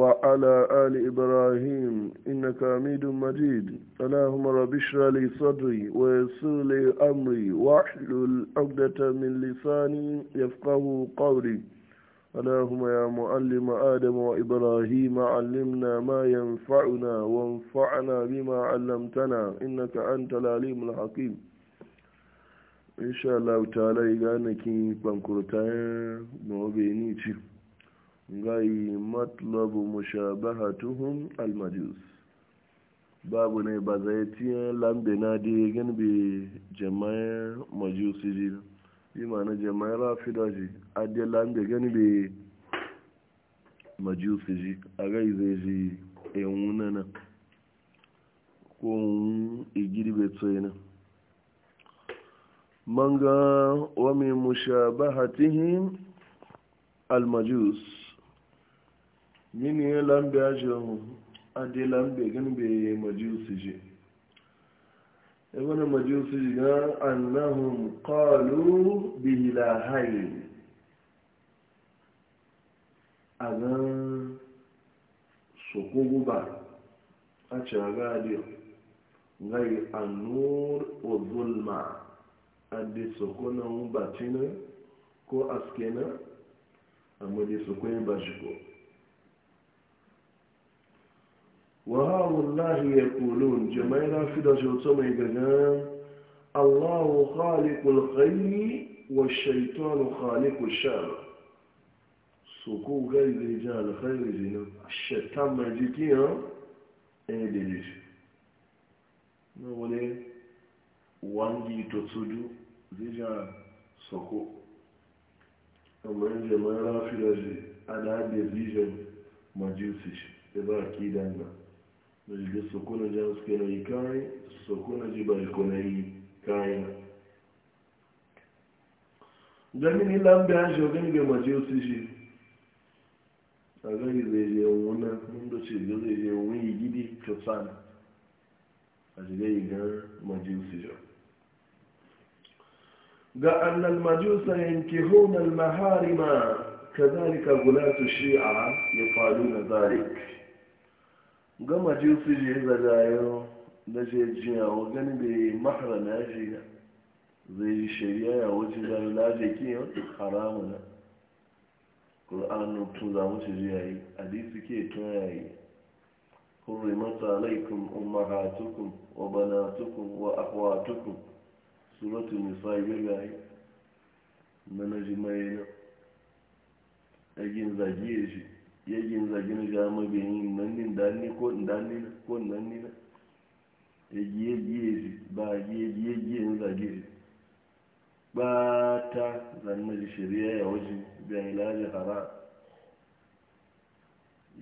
وعلى آل إبراهيم إنك حميد مجيد اللهم رب اشرح لي صدري ويسر لي أمري واحلل عقدة من لساني يفقه قولي اللهم يا معلم آدم وإبراهيم علمنا ما ينفعنا وانفعنا بما علمتنا إنك أنت العليم الحكيم إن شاء الله تعالى يغانك بانكرتين موبينيتي gai matlabu mushabahatuhum almajus babu ne ba zai tiye lambe na di gan bi jama'a majusi ji bi ma'ana jama'a rafida ji adde lambe gan bi majusi ji a gai zai ji enwuna na ko un igirbe tsoye na manga wa min mushabahatihim almajus mini ya lambe aji ohun adi lambe gani bai majiusi ji ebana majiusi ji ga annahum qalu bihi la a aga sokogu ba a ci aga adiyo ngai annur wa zulma adi sokonan batina ko askena a dai sokoyin ba shi ko وهؤلاء يقولون جماعة في دجوتهم يقولون الله خالق الخير والشيطان خالق الشر سكو غير رجال خير زنا الشيطان ما يجيكي ايه دليل نولي وانجي تتسجو رجال سكو أما جماعة في دجوتهم أنا أدري رجال مجيوسيش إذا أكيد أنه da sukuna jan suke na yi kayan sukuna ji bai kuna yi kayan gamin ilan bayan shogin ga mace su shi a gari zai je wuna inda ce ga zai je yi gidi kasan a shiga yi ga mace su shi ga annal majusa yanke hunan maharima kazalika gulatu shi'a ya faru na zalik gama jinsi je ga dayan na je jiya wa gani da ya yi mahara na jiya zai yi shari'a ya wuce da yi laje ki ya wuce haramu na ƙul'anu tun za mu ci ji ya yi a di su ke tun ya yi kuri masa laikun umaratukun wa banatukun wa akwatukun suratun nisa'i ga gayi na na ji mai na ɗagin zagiye shi ya ginza gini ga mabiyin nan ni dan ko dan ni ko nan ni ya giye ba yi giye giye ni za ba ta zanna shari'a ya waje da ilaji hara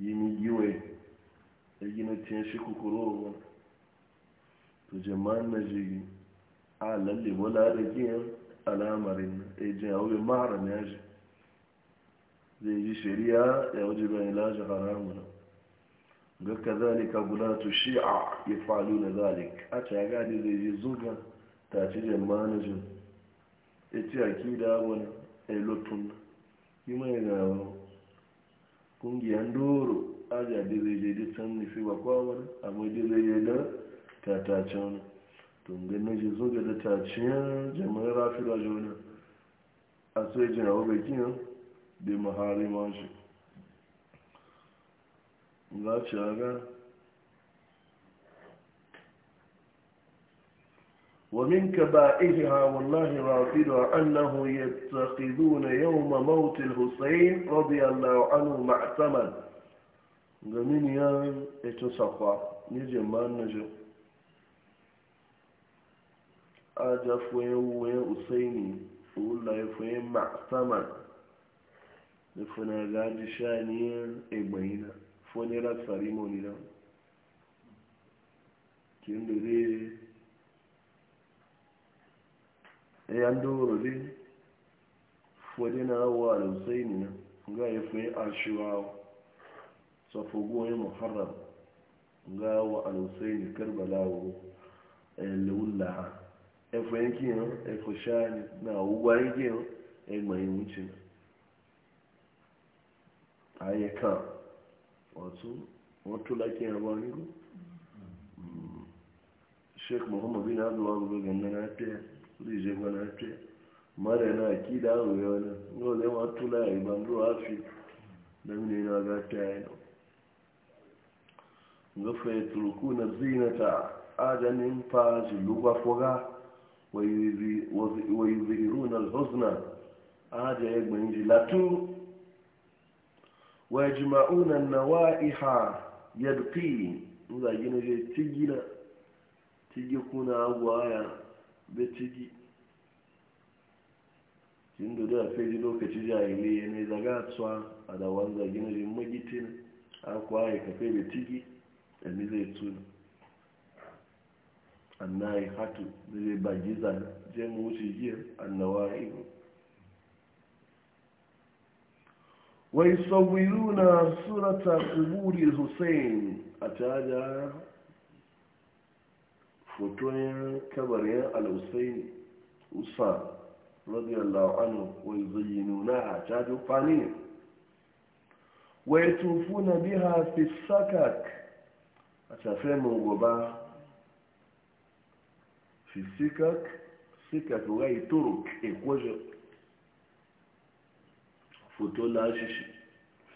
yi mi giwe ya gina cin shi kukuro ba to jama'an na ji a lalle wala da giyan alamarin ejin wuri mara na ji zai ji shari'a ya waje bayan lajin haramun ga ka zalika tu shi'a ya falu na zalik a caga ne zai ji zuga ta ci jan manajin ya ci a kida wani ailotun yi mai gawo kungiyan doro a ji zai je da can nufi ba kwawar amma da zai je da tatacen tungan na ji zuga da taciyar jamanin rafi da juna a so jina wa bakin di mahariman shi za ci aga ومن كبائرها والله رافضها أنه يتخذون يوم موت الحسين رضي الله عنه معتمد ومن يان اتصفى نجي ما نجي أجا فوين وين حسيني والله فوين saman. nufuna gaji shaniyar egbayina funeral ceremony na kin da zai yan doro zai fudina wa alhussaini na ga ya e fi ashiwa safogo ya e muharram ga wa alhussaini karbala wa e lulla efu yankin efu shani na ugwa yankin egbayin wuce na ayé kan otu wọ́n tó láti ẹ̀rọ onígbò sheikh muhammad bin abdullahi gbogbo náà tẹ́ lè na náà tẹ́ mọ́rẹ̀ náà kí dáhùn yọ náà ní ọ̀lẹ́ wọn tó láì ìgbàndó àfi lẹ́mìnì náà gá tẹ́ ẹ̀ lọ. ngọ́fẹ́ na zinata fọ́gá na hosna ajẹ́ ẹgbẹ̀rin wa jima'una nawa'iha yadqi za gina je tigina tigi kuna agwaya be tigi kin da feji lokaci jahiliya ne zaga tsuwa a da wanda gina je magitin agwaya ka fe be tigi da mi zai tuna annai hatu zai bagiza je mu wuce giyar annawa'ihu waisawiruna surata kuburi hussein ataja foto ya kabarin al-hussein usa radiyallahu anhu waizayinunaha ataja fani waitufuna biha fi sakak atafe mungoba fi sikak sikak waituruk ikwojo foto nashi lashishi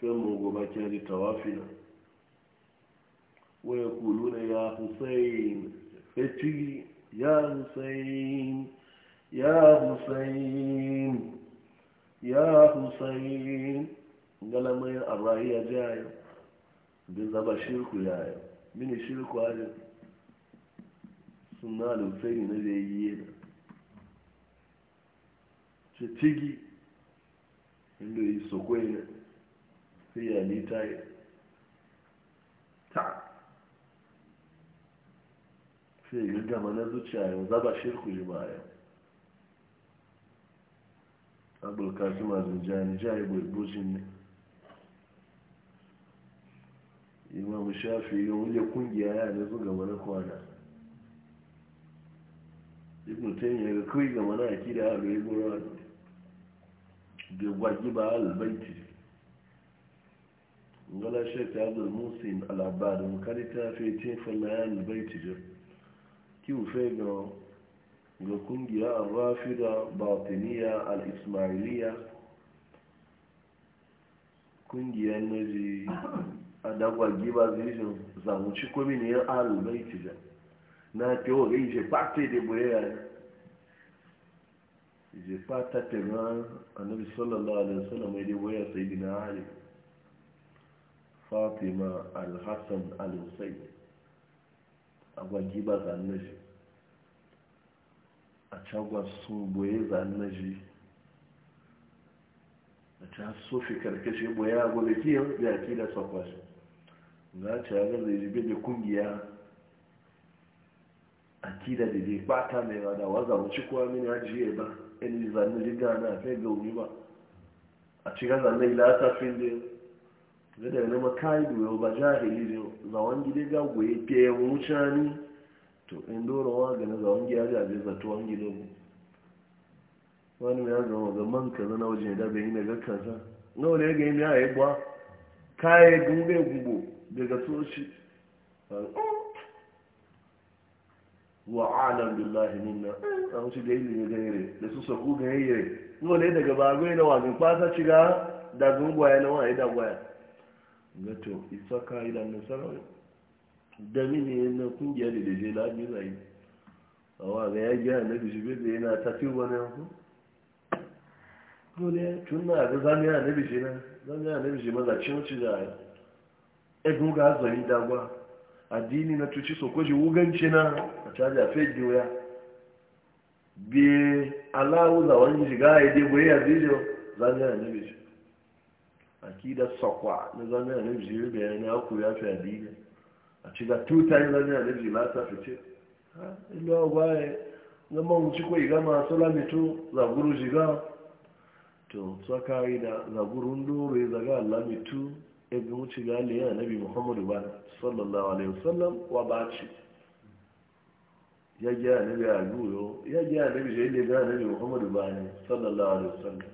fenmu gobe kyan tawafina waya kuluna ya hussein fetigi ya hussein ya hussein ya hussein galamai a rahiya jayo bin zaba shirku yayo min shirku hajji suna da hussein na zai yi yana fetigi inda yi sokoyi sai ya lita ta sai yi gama na zuciya yau zaba shirku ji ba yau abulkasi masu jani jaye bulbushin ne imam shafi yin wuje kungiya ya ne su gama na kwana ibn taymiya ga kawai gama na akida ya ga yi da gwagi ba albaiti ngala shek abdul musin alabarin karita fetin falayan albaiti jir kiwu fe ga kungiya arrafida batiniya al-ismailiya kungiyar naji a dagwagi ba zishin zamuci kwaminiyar albaiti jir na teori je parte de boyayar zipata tena anabi annabi sallallahu alaihi wasallam ya saidina waya ali fatima alhasan hasan al-husayn agwaji achagwa sumbwe a cagwa sufi boye zannaji a ta sofi karkashin boye a na kungiya akida kida da zai wada waza mini ajiye ba in zanne ji gana sai ga wuni ba a cikin zanne ilata fin da da yana makayi duwe ba jahili ne zawon gide ga goye fiye mutane to in dorawa ga na zawon gida ga man kaza na wajen da bai yi daga kaza na wani a yi daga wa alam billahi minna a wuce da izini ga re da su saku ga yare wale daga bagwai da wazin kwasa ga da gungwaye na wani da gwaya gato isa ka ila da nasarar da mini na kungiya da daje labi zai a awa ga ya gina na bishibe na yana tafi wani yanku dole tun na ga zamiya na bishi na zamiya na bishi maza cin wuce da egun ga zari dagwa addini na tuci so kwaji wuganci na a caji a fai diwuya bi alawu za wani shiga ya dai boye a zijo zanga na nabi shi akida sakwa na zanga na nabi shi bayan ya ku ya fi addini a ci ga tuta yin zanga na nabi shi lata fice ha ilu awa ma zama wuci ko iga masu lamito zaguru shiga to tsakari da zagurun dore zaga lamitu ibn wuce ga aliyu annabi muhammadu ba sallallahu alaihi wasallam wa ba ci ya gya annabi a goyo ya gya annabi da yadda ga annabi muhammadu ba ne sallallahu alaihi wasallam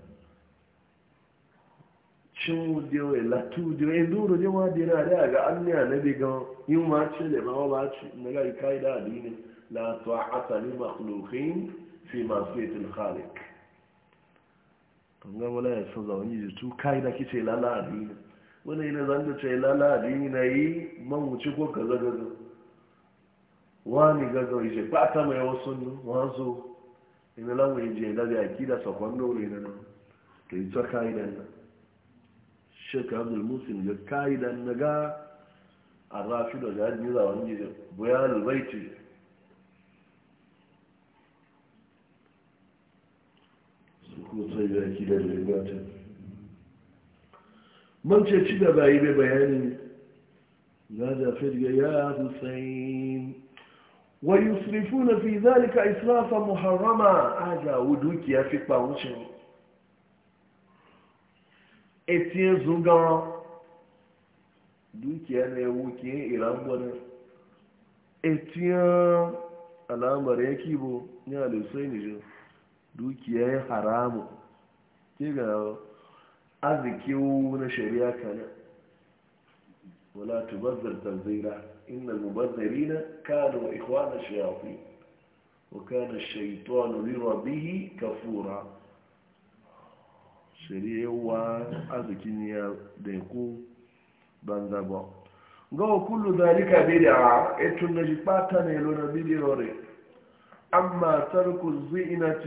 cin wudewa ya latu wudewa ya duro ne ma dina da ga an ne annabi ga yin ma ce da ma ba ci na ga yi da adini la ta'ata li makhluqin fi ma'siyati al-khaliq kan ga wala ya san zawani da tu kai na kice lala adini wani yana zan da ce lala adini na yi man wuce ko kaza gaza wani gaza ishe ba ta mai wasu wazo ina lawa je daga ya kida sakon nori na nan to yi tsaka idan na shek abdul muslim ya kaidan na ga a rafi da ga ni za wani buya boya albaiti su ko sai da kida da gata man ce ci gaba yi bai bayani ne na jafir ga ya hussein wa yusrifu na fi zalika israfa muharrama a jawo dukiya fi kpawucin etiye zuga dukiya na yawo kiye iran gwani etiye alamar ya kibo ni alisai ne dukiya ya haramu ke ga arziki na shari'a kana wala tubazzir tabzira innal mubazzirina kanu ikhwana shayatin wa kana ash-shaytanu li rabbih kafura shari'a wa arziki ya da ku banza ba ga kullu dhalika bid'a etun najipata na ilona bid'a أما ترك الزئنة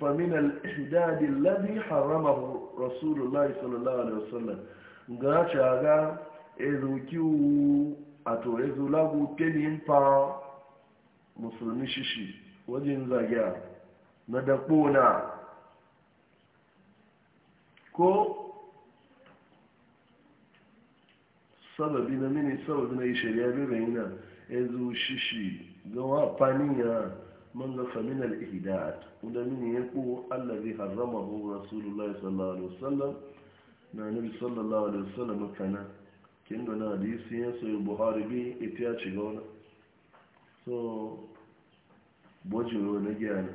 فمن الإحداد الذي حرمه رسول الله صلى الله عليه وسلم غاشا غا إذوكيو أتو إذولاغو تنين با مسلمي ششي وجن زاجا ندقونا كو سببين مني سببين شريابي بينا إذو ششي غوا بانيا man ga faminal ihda'at wanda mini ya ko allazi harramahu rasulullahi sallallahu alaihi wasallam na nabi sallallahu alaihi wasallam kana kin da na hadisi ya sai buhari bi itiya ci gona na giyana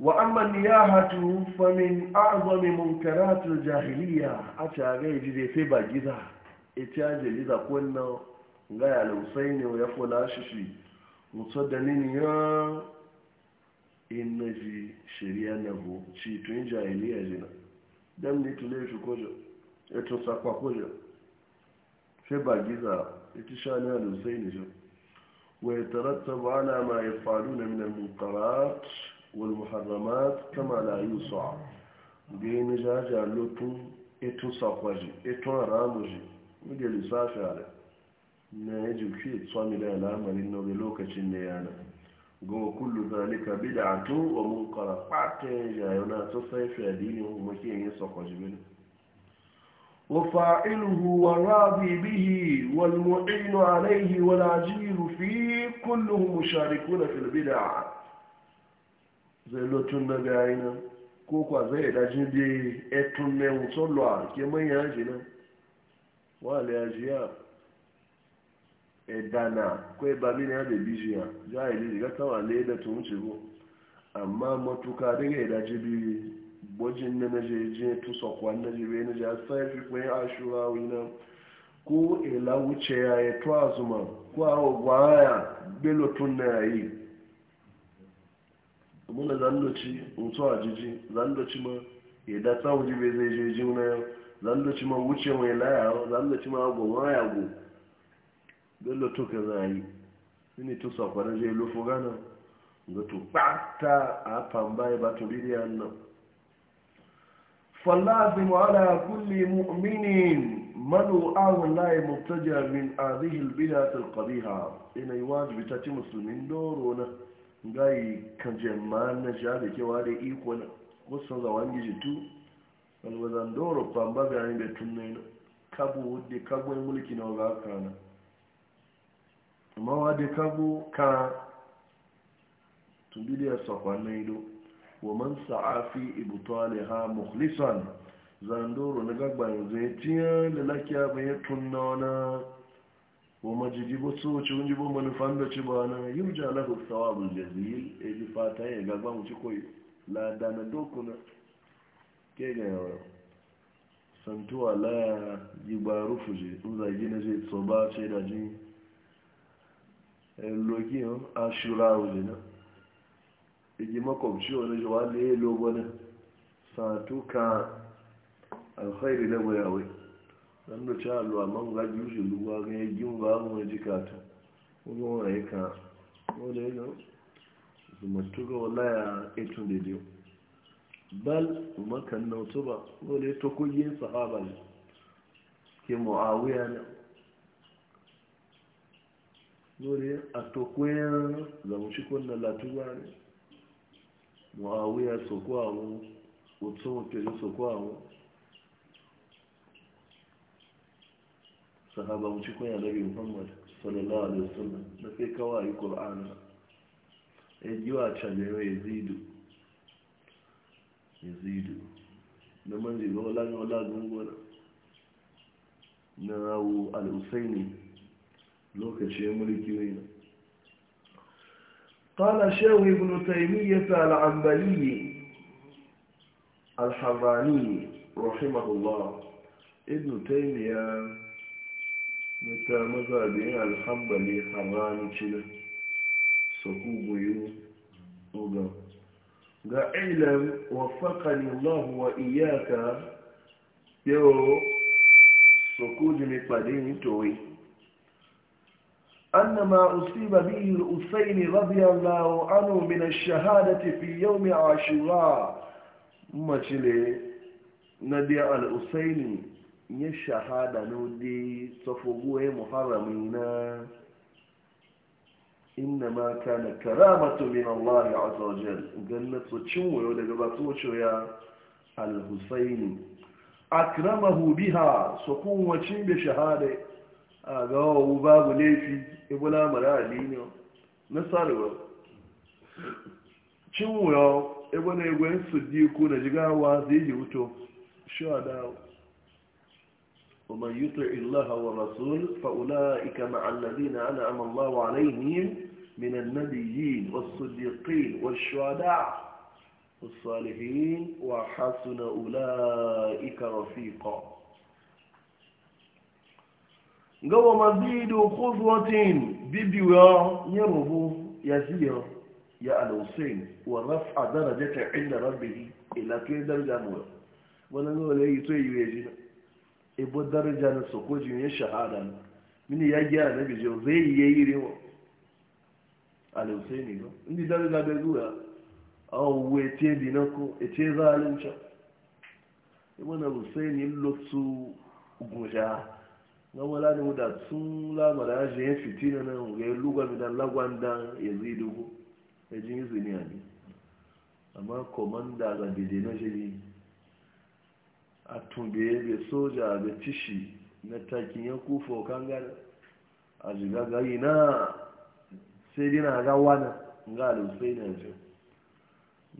wa amma niyahatu fa min a'zami jahiliya a ta ga yaji dai sai ba giza itiya jeliza ko nan ga ya lausai ne ya fola shi mutu da nini ya in na ji shari'a na bu ci tun jahiliya jina dam ni tule shi kojo ya e tun sakwa kojo sai ba giza e ita sha ne lausai ne shi wa ya tarattaba ana ma ya faru na minan munkarat yi كما لا يوسع بين جاجة لطن اتو ساقواجي اتو راموجي مجي na ya jikfi tsami da al'amarin na wani lokacin da yana goma kullu zalika bid'atu wa munkara fata ya yana to sai fi addini kuma ke yin sakwajibin wa fa'iluhu wa rabi bihi wal mu'inu alayhi wal ajiru fi kulluhum musharikuna fil bid'a zai lotun na gayina ko kwa zai dajin bi etun ne wutsolo a ke manyan jina wa alayhi edana kwai ba mini ya bebi jiya jahili ga kawa na da tun wuce go amma matuka daga ya dace bi buji na naje je tu sokwan na jibe na ja sai fi kwai ashura wina ko ila wuce ya e ya to azuma ko awo gwaya belo tun na yi muna zandoci mutu ajiji zandoci ma ya da tsawon jibe zai je Bello ló tó kẹrin ayé nínú ìtúsọ ọ̀pọ̀lọpọ̀ ṣe ló fọgá náà ló tó pátá àpàǹbá ẹ̀bá tó rí rí àná. fọláàbí wàhálà kúlì mímí mọ́nù àwọn láì mọ̀ tọ́jú àmì àríhìl bí i àti ìkọ̀bí ha iná iwájú bí tàtí mùsùlùmí lóòrò náà nga yìí kànjẹ máa ń ṣe àdèké wà lè ìkọ̀ náà kó sanza wà ń yíṣe tú ọlọ́gbọ̀n lóòrò pàǹbá bí i àyìnbẹ̀ tún náà kábù ó amma wa da kago ka tubili ya sakwannin ido wa man sa'afi ibutaliha mukhlisan zandoro na gagba yanzu ya tiya da lakiya bai ya tunna wani wa majiji ba so ci wunji ba manufan da ci ba na yurja lahu thawabul jazil e bi fata ya gagba mu ci koyi lada na dokuna ke ga yawa santuwa laya yi ba rufuje in zagi na zai so ba sai da jini logiyan ashura wulina igi makwabci wani jawa da ya lobo na satuka alkhairi na da cewa alwa man gaji wuce luwa ba wani ka ya bal makan nautu ba wani tokoyin sahaba ke mu'awiya ne dole a tokoyen zamucikon da latuba ne muawiya soko amu utsun kiri sahaba mucikon ya nabi muhammad sallallahu alaihi wasallam na sai kawai qur'ana ejiwa chalewe yazidu yazidu na manzi wala wala gungo na rawu al-usaini lokacin mulki ne qala shawi ibn taymiyyah al-ambali al-harrani rahimahullah ibn taymiyyah ta mazhabin al-hanbali harrani cin soku buyu uga ga ilam waffaqani allah wa iyyaka yo soku ne padin أن ما أصيب به الأسين رضي الله عنه من الشهادة في يوم عاشوراء ما تلي ندي الأسين يشهادة نودي صفوه محرمين إنما كان كرامة من الله عز وجل قلنا تشمو يودا قبطو شويا الحسين أكرمه بها سكون وشين بشهادة أغاو باب ليفي ibula mara na adini nasarewa cinwuyo ebe na egwe ku na jigawa zai yi wuto shuhadawa ومن يطع الله ورسوله فأولئك مع الذين أنعم الله عليهم من النبيين والصديقين والشهداء والصالحين وحسن أولئك رفيقا gawa mazidu khudwatin bibiwa ya rubu ya ziyo ya al-husayn wa raf'a darajata inda rabbih ila kai daraja mu wannan gawa ne yito yiwe ji ibo daraja na sokoji ne shahada mini ya giya na bi bijo zai yi rewa al-husayn go indi daraja da zuwa aw wete dinako ete zalunta ibo na husayn lutsu guja na wala e ne da sun lamara ya shi ya fiti na nan ga yi lugar da lagwanda ya zai dubu ya ji izini a ne amma komanda ga bide na jiri a tumbe bai soja ga tishi na takin ya kufo kan a jiga gari na sai dina ga wana ga alusai na jiri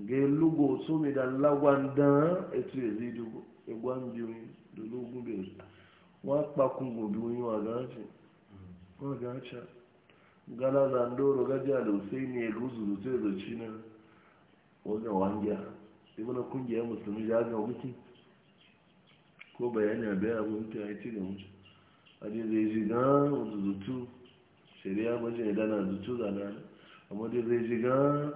ga yi lugo su mai da ya da ya e e zai dubu ya gwan jiri da lugun bai wa kpakun gobe wani wa gace wa gace gala zandoro gajiya da usai ne guzu da zai zoci na wanda wangiya sai mana kungiyar musulmi ya ga wuki ko bayani a bayan abin ta haiti da a zai gan ya amma zai ji gan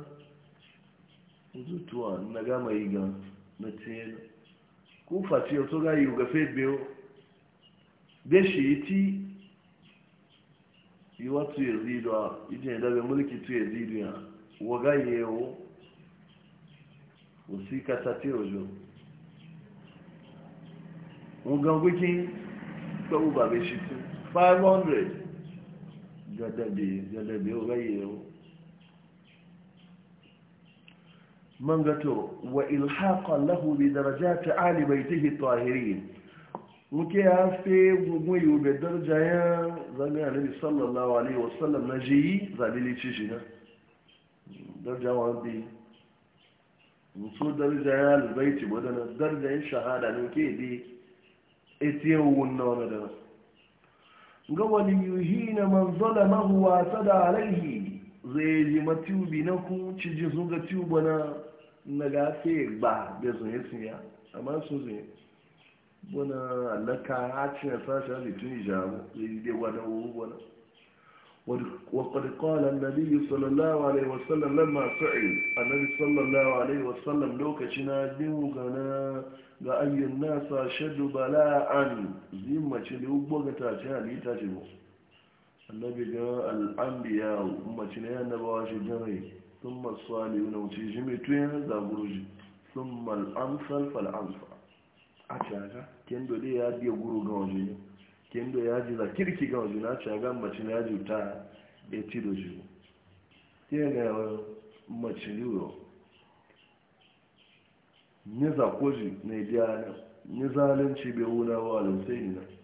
na gama gan be yi watu ya zido a ije da be mulki tu ya zido ya waga yewo usika tate ojo ngan wikin tsawo ba be shi tu 500 gadabe gadabe waga yewo man gato wa ilhaqa lahu bi darajati ali baitihi tahirin muke ya fe gungun yiwu bai darja ya zane a nabi sallallahu alaihi wasallam na jiyi zalili ci shi na darja wa bi mutu darja ya ce madana darja ya shahada ne ke bi wun na wani dana. ga wani yuhi na manzola mahuwa ta da alaihi zai ji matubi na ku ci ji zuga tuba na na gafe ba da zuye ya amma sun zuye wani alaka ya ce ya sashi ne tun ijamu yi dai wani wani wakwadikola na biyu sallallahu alaihi wasallam nan masu ai a nan sallallahu alaihi wa sallam, lokaci na biyu gana ga ayyun nasa shaddu bala an zimace da ugbo ga tace halitta ce mu annabi ga al'ambi ya umarci na yana bawa shi jirai sun masu wani wuce shi mai tuyin zaburu sun mal'amsal fal'amsal a kendo dai ya biya guru ga kendo ya ji la kirki ga waje na caga machina e na ji ta ya ci da shi tiene ga mace ne za na biya na ne zalunci bai wuna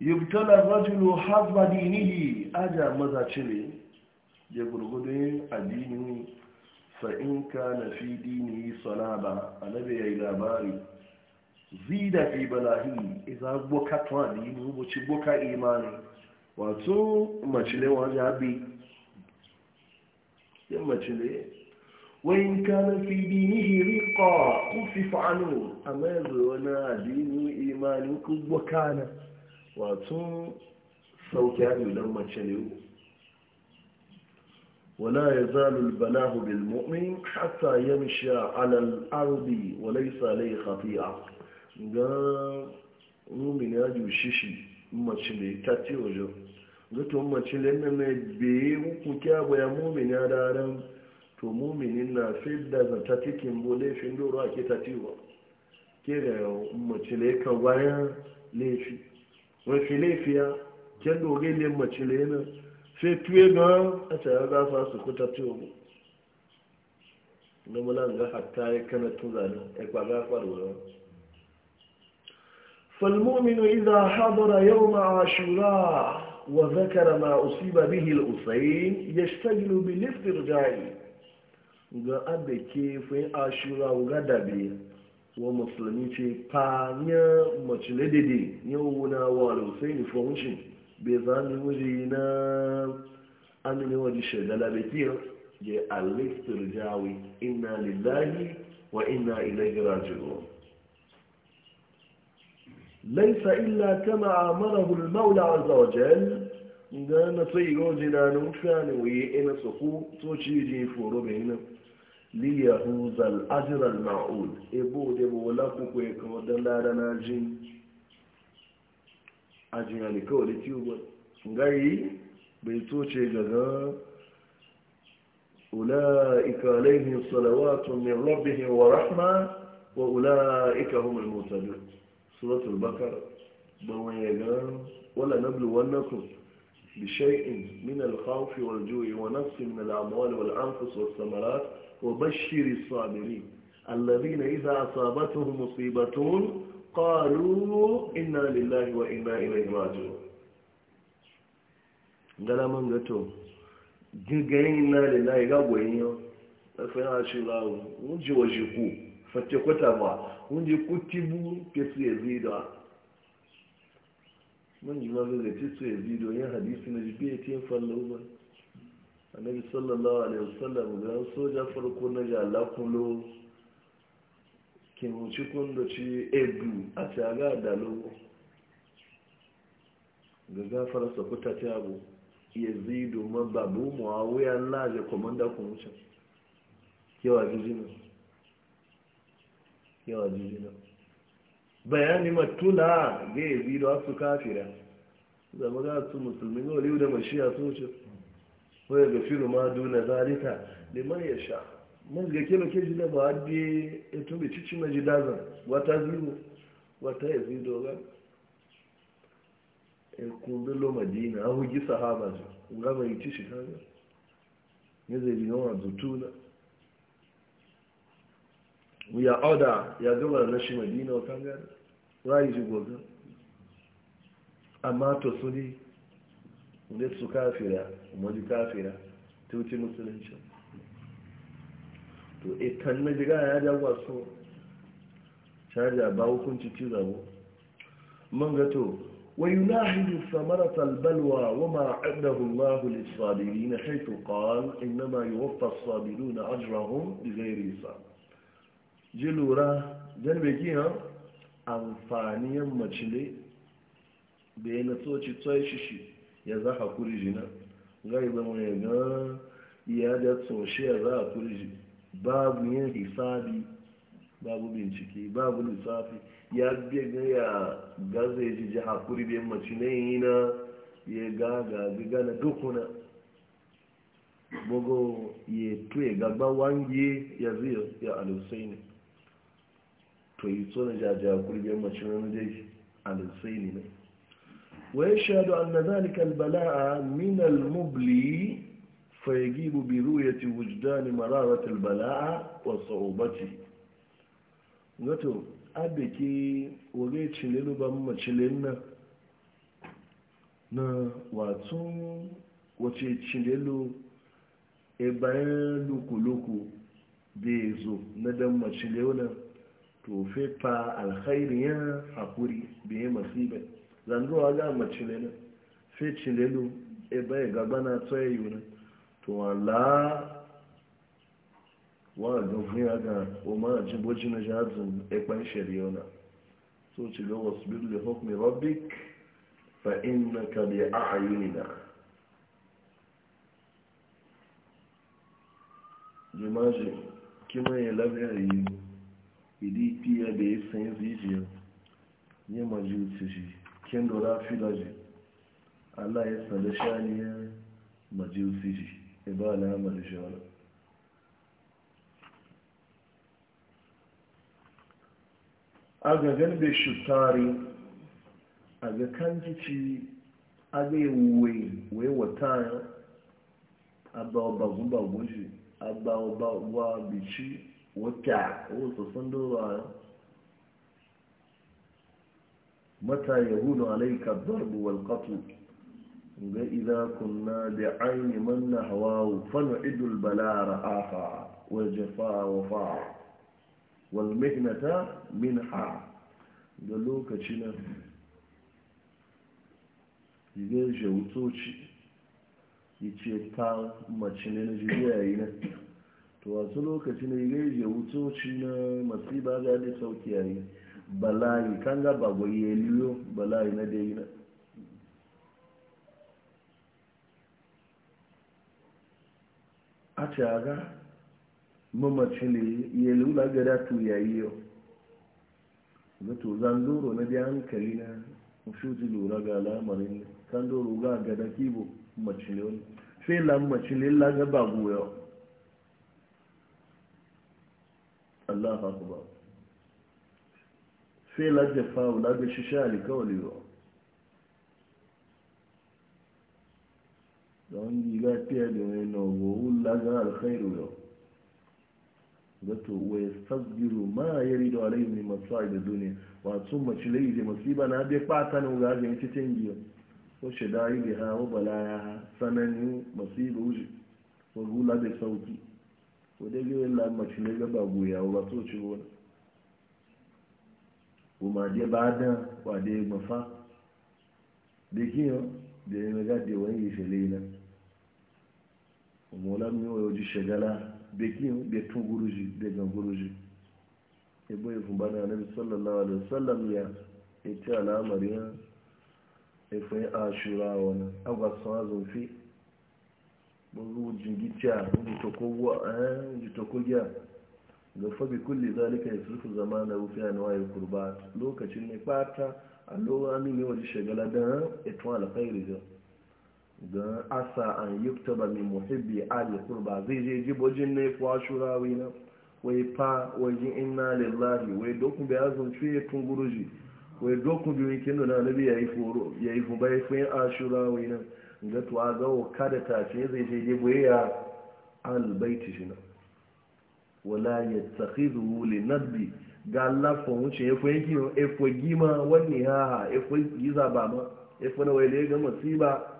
yubtala rajulu hazba dinihi aja maza cile ya gurgudun adini fa'in ka na fi dini salaba annabi ya yi labari zida fi balahi iza gboka tuwa da yi mubuci gboka imani wato macile wani abi yin macile wayin ka na fi dini rikọ kufi fa'anu a mai zuwa na adini imani ku gboka na wato sauki hajjulan macile ولا يزال البلاء بالمؤمن حتى يمشي على الأرض وليس عليه خطيئة مؤمن يجب شيشي mace mai tatti wajo zato mace lena mai beye hukun kyabu ya mumini a daren to muminin na fi da zanta cikin bu laifin doro a ke tatti wa ke ga mace lai kan bayan laifi wafi laifiya kyan doge le mace lena sai tuye na a tsaye za su su kuta tuyo mu na mulan ga hatta ya kana tuza ne ya kwaga kwarwa falmominu iza hadara yau ma a shura wa zakara ma usiba bihi al'usai ya shagilu bi liftir jari ga abe ke fi a shura ga dabe wa musulmi ce fa ya mace ladidi ya wuna wa al'usai ni fa wucin bai zami wuri na amini waje shagala da kiyar ya alistir jawi ina lillahi wa ina ilaihi raji'un laisa illa kama amarahu al-maula azza wa jal da na sai goji na mutane waye ina suku to ci ji foro bai nan li yahuzal ajra maul ebo de wala ku ko ko dan da na jin ajin alikawali cuba gari bai toce gaga ula'ika alaihim salawatu min rabbihim wa rahma wa ula'ika humul mutadun suratul bakar bawon ya ga wala nablu wannakum بشيء من الخوف والجوع ونفس من الأموال والأنفس والثمرات وبشر الصابرين الذين إذا أصابتهم مصيبة قالوا إنا لله وإنا إليه راجعون ngala man gato gingayin na lillahi na fara shi lawo mun ji waje ku fate kwata ba mun ji ku tibu ke su ya zida mun ji ma zai ci su ya zido yin hadisi na jibi ya soja farko na kimuci kundoci ebu a caga da lobo ga gafar sakuta ta abu ya zido mababu muawiya laje komanda kumucin yawa jijina yawa jijina bayani matula ga ya zido su kafira zama ga su musulmi ga waliyu da mashiya su wuce wadda ga firu ma duna zarika liman ya sha man ga kilo ke ji da ba hadde ya tumbe cici na ji dazan wata biyu wata ya zai doga ya e kundu lo madina an hugi sahaba su ga mai cici kaga ya zai ji yawan zutuna ya oda ya gaba na shi madina wata gari rayu ji gobe amma to su ne su kafira umaru kafira ta wuce musulunci to ikan na jiga ya jagwa so caja ba hukunci ci zabo man ga to wai yi nahidu samarar talbalwa wa ma'adahun mahul isfadiri na haitu kawal ina ma yi wata sabiru na ajrahun izairisa ji lura jan beki ha amfaniyan macile da ya nato ci tsoye shishi ya za a kuri jina ga izama ya ga iya da tsoshe ya za a kuri babu yin hisabi babu bincike babu lissafi ya biya ya gaza ya jiji hakuri bai mace na yi na ya gaga gana dukuna bugu ya tuye gaba wangi ya ziyo ya alusai ne to yi tsoron jaji hakuri bai mace na jai alusai ne ne wa ya shaɗu an na zalika albala'a min almubli فيجيب برؤية وجدان مرارة البلاء وصعوبته gato abeke wage cilelu ba mu cilin nan na watun wace cilelu e bayan luku-luku da ya zo na to fe fa alkhairi ya hakuri da ya masibe zanduwa ga macilelu fe cilelu e bayan gabana tsayayu nan to wala wa gafin aga o ma ji boci na jihazin ekpan shari'ona so ci ga wasu bidu da hukumi rabbik fa inna ka bi a ayyuna. jimaji kima ya labe a yi idi piya da ya san zijiya ma ji wuce shi kin dora filaji allah ya sanda shaniya ji wuce shi E ba alamar shawara a gagan bai shutari a ga kan kici a ga yi e wuwe wata ababagun shi wa bici wata wasu ya mata yahudu alaika darbu wal qatl ga idza kunna bi ayni man nahwa fa nu'idu al balara afa wal jafa wa fa wal mihnata minha da lokaci na yiga je wutoci yace ta mace ne na jiya yayi na to su lokaci na yiga je wutoci na masiba ga da sauki yayi bala'i kanga ba goyi liyo bala'i na dai na a ce a ga mamacin ya lula gada to yayi yau ga to zan doro na biya hankali na shuji lura ga lamarin kan doro ga gada kibo macin da wani sai lamacin da ya ga ba goya Allah haku ba fa o la ga shi sha alikawali yau don yi lafiya da wani na gowu lagan alkhairu yau zato Wa wai sabbiru ma ya rido alayhi min masa'id ad-dunya wa summa chilei de masiba na be pata no gaje Ko titengi da shedai bi ha o balaya sanani masiba uji ko gula de sauki ko de ge la ma chilei ga babu wa o ba so chi wona o ma de bada wa de mafa Da kiyo de ga de wani sheleila umola mi oyo ji shagala bekin betun guruji daga guruji ebo ifun bana nabi sallallahu alaihi wasallam ya e ita al'amari ya efe ashura wani agwasan azun fi bugu jingitiya jitokogiya eh, ga fabi kulli zalika ya surfu zama na rufiya na wayo kurba lokacin ne fata a lowa amini wajen shagala don etuwa alkhairi zai don asa an ba min muhibbi ali kurba zai je jibojin na ifuwa shurawi na wai fa wajen inna lillahi wai dokun bai azun fiye tun guruji wai dokun biyu kin nuna nabi ya yi fubai fiye a shurawi na ga tuwa ga wuka da tace zai je jiboye ya albaiti shi na wala ya tsakidu wuli nadbi ga lafa wuce ya fiye kiyon efo gima wani ha ha efo giza ba ma efo na wai da ya gama masiba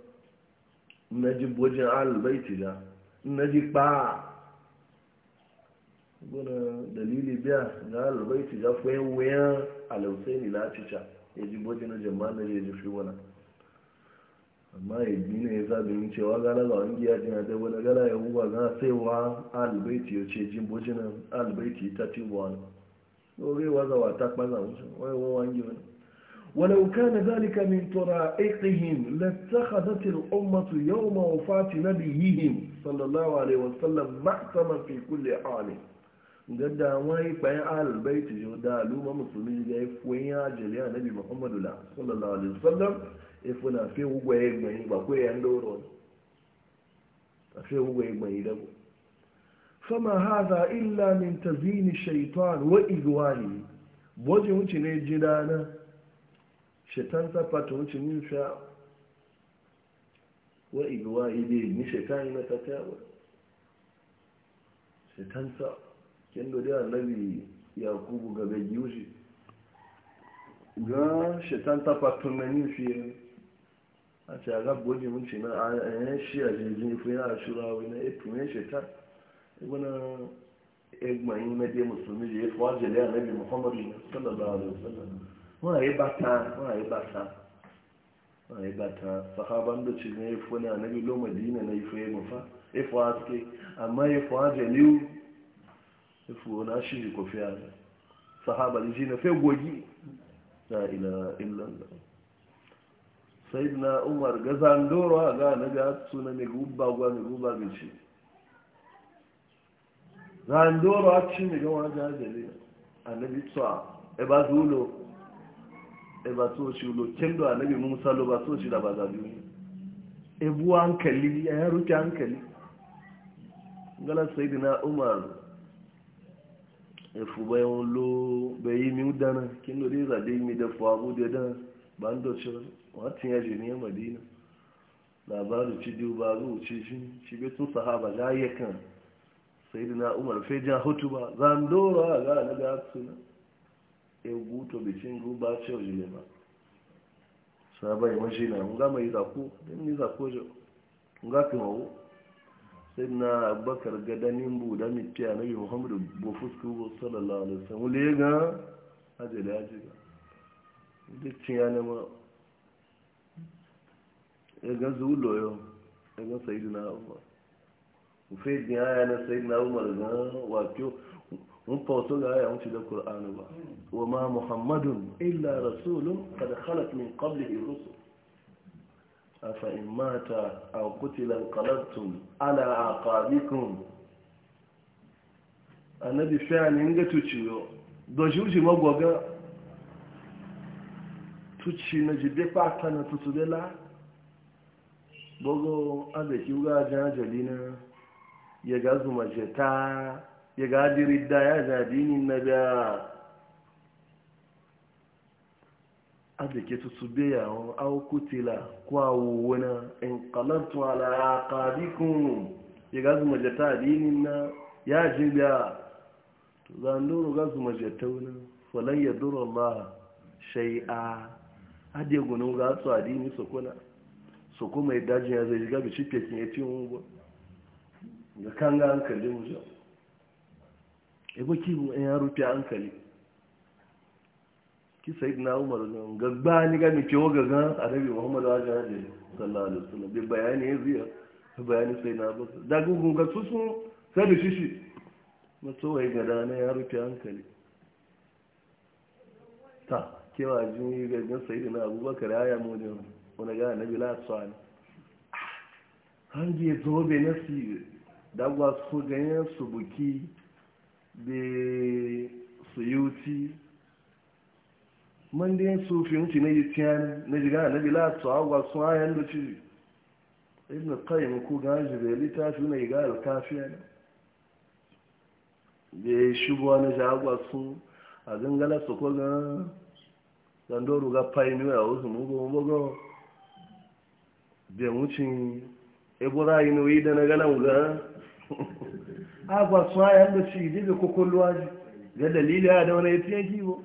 na ji bojin albaiti ja na ji kpa gona dalili biya ga albaiti ja fuyen wuyan alausaini cica ya ji bojin na jama'a na ya ji fi wana amma ya gina ya zaɓi ni cewa gana ga wani giya jina da wani gana ya huwa gana sai wa albaiti ya ce jin bojin albaiti ta tibuwa ne. Ɗorewa zawa ta kpaza mutum, wai wani wani wani. ولو كان ذلك من طرائقهم لاتخذت الأمة يوم وفاة نبيهم صلى الله عليه وسلم معتما في كل حال قد أمي بين أهل البيت جودا لوما مسلمين جاي فوين أجل نبي محمد الله صلى الله عليه وسلم إفنا في هو يجمعين بقوي عندورون في هو يجمعين دبو فما هذا إلا من تزيين الشيطان وإغوانه بوجه وانت نجدانا shetan sapata wuce nufiya wa igwa ile ni shetani na tatawa shetan sa kin do da annabi yakubu gabe yushi ga shetan sapata na nufiya a ce a gabo ne mun ce na ayan shi a jirgin fi a ashura wani eh, na etu ne shetan ibana egmayin na dai musulmi da ya fi wajele annabi muhammadu sallallahu alaihi wasallam muna yi bata muna yi bata muna yi bata sahaban ndị ci na ifo ne a lo madina na ifo ya mafa ifo haske amma ifo haje liu ifo na shi ko fiya sahaba da ji na fe gogi la ila illallah sai na umar ga zandoro a ga na ga suna mai gubba gwa mai gubba mai ci zandoro a ci mai gawa jajale a nabi tsawa e ba zulo e ba so shi lo kendo annabi Musa lo ba so shi da ba za biyu e bu kali ya an kali gala sayyidina Umar e fu bayan lo yi mi udana kendo dai za de mi da fu abu da da ban do wa watin ya je ne Madina lu ci du ba lu ci shi shi be tun sahaba la yakan sayyidina Umar fe ja hutuba zan dora ga na ga suna egwu ba bikin guba ce wa jilema sabai mashi na nga mai zako don ni zako jo fi sai na abubakar gadanin bu da miti a nabi muhammadu bufus kubo sallallahu alaihi wasallam wule ga ya e ga zulo yau ya e ga sayidu na na sayidu na mun fauto ga ya wuce da Kur'anu ba wa ma Muhammadun illa rasulun kada khalat min qablihi rusul afa in mata aw qutila qalabtum ala aqabikum annabi fa'ani ga tuciyo do juji magwaga tuci na jibe pata na tutudela bogo abe kiuga jajalina ya gazu majeta ya gadi ridda ya zaji ni na biya a jike su su biya wani aukutila kwawo wani in kalantu ala kadikun ya gaji majata dinin na ya ji biya to zandoro gaji majata wani falon ya duro ba shai'a ya gunu ga su adini su kuna su kuma ya daji ya zai shiga bishi kekin ya ce wani ba ga kan ga hankalin ebe kibu in ya rufe hankali ki sai na umaru nan gagba ni ga mi ciwo gaga annabi muhammadu wa jahade sallallahu alaihi wasallam bi bayani ya ziya bi bayani sai na ba da gugu ga susu sai da shishi mato wai ga dana ya rufe hankali ta kewa jin ga ga sai na abubakar aya mu ne wani ga annabi la tsani hangi zo be nasi dagwa su ganyen su buki da suyuti man da na yi tiyan na jiga na bila su agwa sun hayan da ci ibn qayyim ko gaji da littafi na iga alkafiya ne da ya shubuwa na jagwa sun a gangala su ko ga dandoro ga pioneer a wasu mugu mugu da wucin ebola yi noyi da na gana wuga agwa suna yadda shi jibe kokoluwa ji ga dalili ya da wani ya fiye kiwo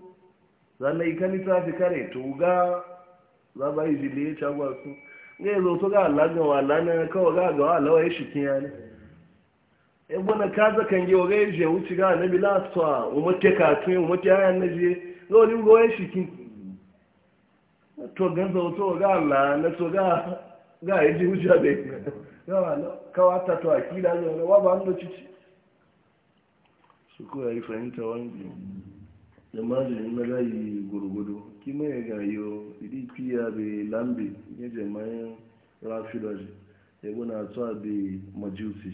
zanna ika littafi kare tuga za ba yi jile ya cagwa su ga ya zo su ga alaga wa alana kawai ga gawa alawa ya shikin ya ne e bona kaza kan ge oga ya je wuci ga na bila swa o mote ka tu o mote ya na je ga oli go ya shikin to ganza to ga Allah na to ga ga ya je wuci da yawa na kawata to akila zai wa ba hannu cici su ko ya yi fahimta wangi da majini na layi gurgudu kima ya gayo idp ya bi lambe ya jamayin rafidaji ya guna tsawa bi majusi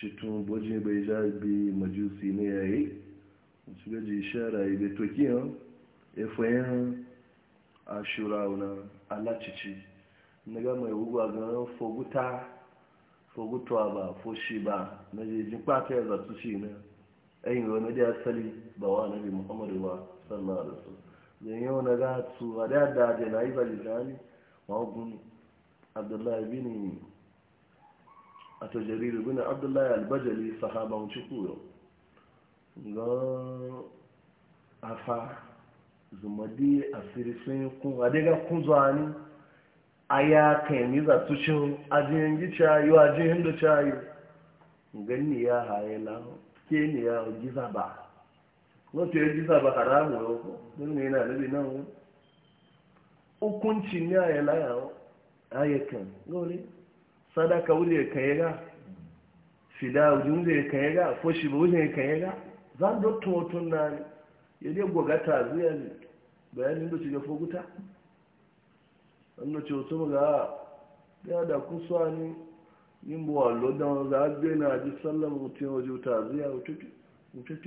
cikin bojin bai ja bi majusi ne ya yi su gaji shara yi bai tokiyan ya fayin ashura na alacici na ga mai wugwa ganin foguta fogutuwa ba fo shi ba na jejin kwata ya zartu shi na ayin wani da asali ba wa nabi muhammadu ba sallallahu alaihi wasallam zan yau na ga su a da da da na yi ba jihali magun abdullahi bin a ta jariru bin abdullahi albajali sahaban cikuyo ga afa zumadi asiri sun kun adega kun zuwa ni a ya kaimi za su cin ajiyan gica yi wa ajiyan da cayi ganni ya haye na ke ni ya giza ba wato ya giza ba haramu ya ko don ne yana nabi nan hukuncin ya ya laya ayyakan gaure sadaka wuri ya kayi ga fida wuri ya kayi ga foshi ba wuri ya kayi ga zan dokta mutum na ya dai gwagata zuwa ne bayanin da shiga foguta sannan ce wasu ga ya da kusa ne yin buwa lodon za a gbe na ji sallar mutum waje wuta zai ya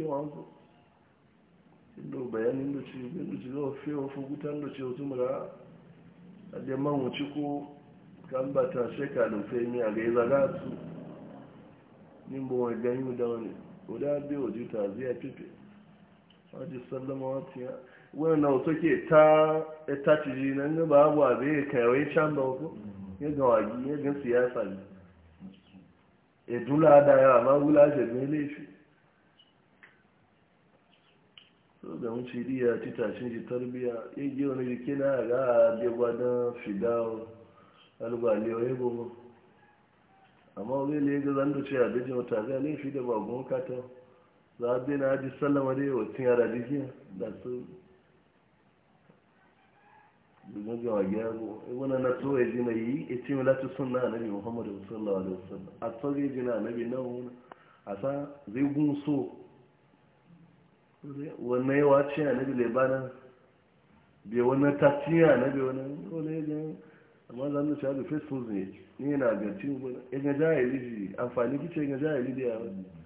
wanzu inda bayanin da ce inda ce zai fi wafi gutan da ce wasu ga a je man wuce ko kan ba ta shekarun femi a ga yi zaga su yin buwa ganyu da wani wadda bai waje wuta zai ya tuke waje sallama wata na soke ta ta ciji nan gaba abu a bai kayawai can ba ya ga wagi ya gan siyasa ne ya dula da yawa ma gula so da mun ciri ya ci tashin shi tarbiya ya ji wani jike na ga a bai gwada fidawo albaliyo ya gogo amma wani ne ga zan da ce a bai jima zai ne laifi da ba gun za a na haji sallama dai wa cin yara da su dumoga wa gyago wani na tsoye ji na yi e ce wala ta sunna muhammadu sallallahu alaihi wasallam a tsoye ji na annabi na wuna a sa zai gun so wannan yawa ce annabi lebana bai wannan tafiya annabi wani wani ya amma zan da shaɗu facebook ne ni yana gaci wani ga amfani kice ga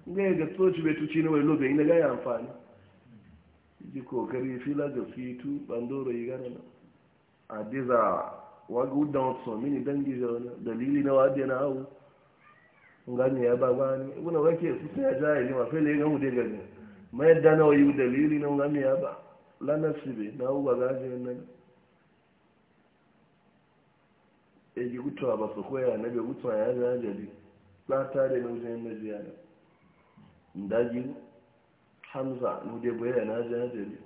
bai tuci na wai lobe ina ga ya amfani ji kokari fila ga fitu bandoro yi gana na adiza wagu don so mini dangi zaune dalili na wadi na awu ngani ya ba ni ibuna wake su sai ja ili ma fele ga mu de ga ma yadda na wayu dalili na ngami ya ba la nasibe na uwa ga je nan e ji gutwa ba su koya na be gutwa ya ga jadi la ta de mu je na ziyara ndaji hamza mu de boye na jadi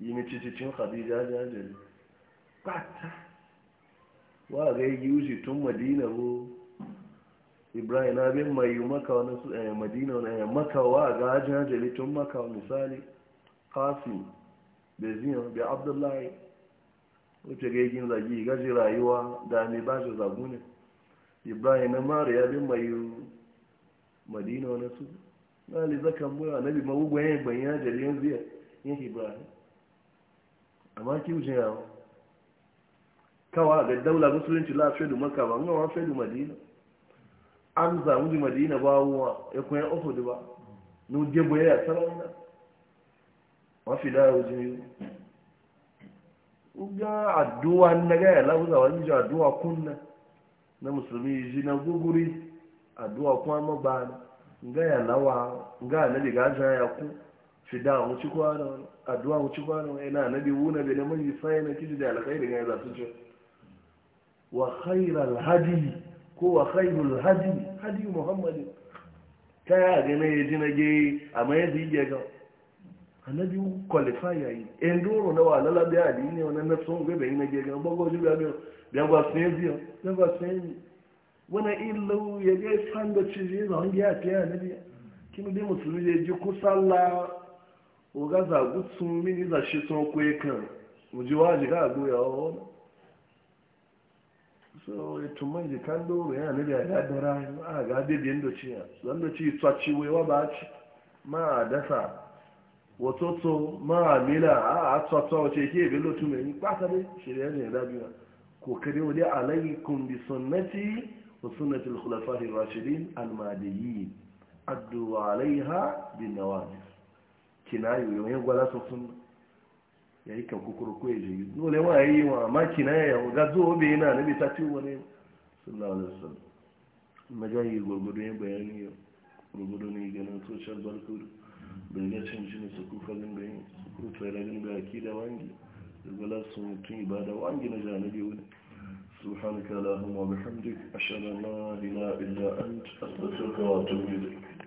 yi mi titi tin khadija jadi pátá wà rẹ̀ yíò wuce tun madina bó ibrahim na bin mai yi maka wani eh, madina wani eh, maka wa ga jajali tun maka misali qasim da ziyan da abdullahi wacce ga yakin zagi gaji rayuwa da mai ba shi zagu ne ibrahim na mara ya bin mai madina wani su na lizakan mura na bi mawugwayen bayan jari yanzu yanki ibrahim amma kiwucin yawon kawa ga daula musulunci la fedu maka ba nga wa fedu madina an za mu madina ba wa ya kuma ofo di ba nu je boye ya sarauna wa fi da uji uga addu'a naga ya lauza wani jo addu'a kunna na musulmi ji na guguri addu'a kuma ma ba nga ya lawa nga na diga ja ya ku fi da mu ci kwana addu'a mu ci kwana ina na bi wuna be na mai sai na kiji da alkhairi ga za su ce وخير الهدي هو خير الهدي هدي محمد كايا غنا يجينا جي اما يزي جيغا annabi qualify yayi en eh, duro na wala la biya di ne wannan nafsun gobe ina je ga bago ji biya biya ba senzi ya ba senzi wana illu ya ga san da ci ji zan ya ta ya nabi kin bi musulmi je ji ku salla za gutsun mini za shi ku mu ji so tumman jikan na yana nabi a gadara a ga bibiyan doci ya zan doci tsaci waiwa ba ci ma a dasa watoto ma a mila a a tsatsa wace ke bi lotu mai ni kwata dai shirya ne da biyu ko kare wani alaikum bi sunnati wa sunnati al-khulafa'i rashidin al-mahdiyyin addu alaiha bin nawajis kina yoyon gwala sun sunna ya yi kan kukuru ko ya yi dole wa yi wa maki na ya ga zuwa bai yana na bai ta ci wani sallallahu alaihi wasallam majayi gurgudu ne bayani ya gurgudu ne ganin social barkur bai ga cin shi ne su kufa ginga yin su kufa yana ginga aki da wangi da gwalar sun mutum ibada wangi na janabi wani سبحانك اللهم وبحمدك أشهد أن لا إله إلا أنت أستغفرك وأتوب إليك